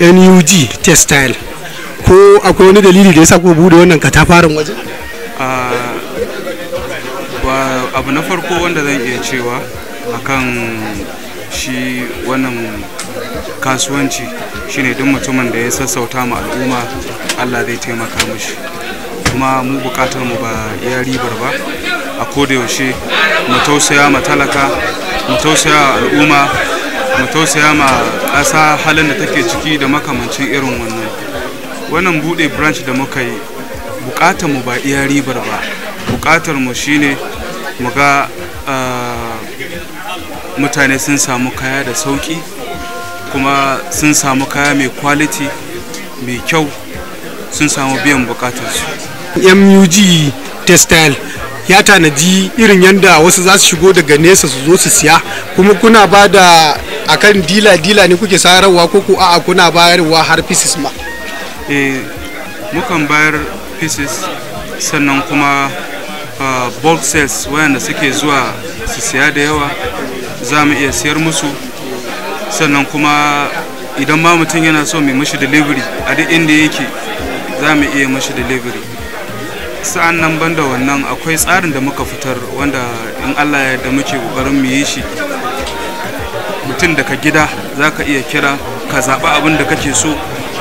nug textile ko akwai wani dalili da ya sa ku bude wannan katafarin waje ah, abu na farko wanda zan iya cewa akan shi wannan kasuwanci shine duk mutumin da ya sassauta ma al'umma allah zai taimaka mushi kuma mu bukatar mu ba ya ribar ba a koda yaushe mu tausaya ma mu tausaya al'umma mu tausaya ma ƙasa halin da take ciki da makamancin irin wannan wannan buɗe branch da muka yi buƙatar mu ba iya ribar ba buƙatar mu shine mu ga ah, mutane sun samu kaya da sauƙi kuma sun samu kaya mai quality mai kyau sun samu biyan bukatarsu. mug textile ya tanaji irin yadda wasu za su shigo daga nesa su zo su siya kuma kuna ba da akan dila dila ne kuke sayarwa ko ku a'a kuna bayarwa har pieces ma eh mukan bayar pieces sannan kuma uh, bulk sales wayanda suke zuwa su siya da yawa za mu iya siyar musu sannan kuma idan ma mutum yana so mai mashi delivery a duk inda yake za mu iya mashi delivery sa'an nan banda wannan akwai tsarin da muka fitar wanda in allah ya da muke kokarin mu yi shi mutum daga gida za ka iya kira ka zaɓa abin da kake so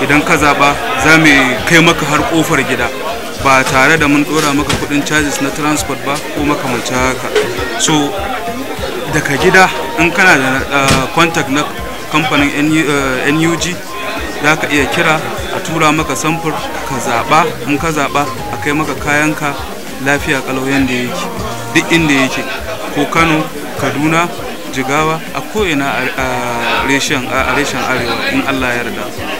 idan ka zaɓa za mu kai maka har ƙofar gida ba tare da mun ɗora maka kuɗin charges na transport ba ko makamanci haka so daga gida in kana da ah, contact na kamfanin nug eh, za ka iya kira a tura maka samfur ka zaɓa in ka zaɓa a kai maka kayanka lafiya kalau yanda yake duk inda yake ko kano kaduna jigawa a ko'ina a reshen arewa in allah ya yarda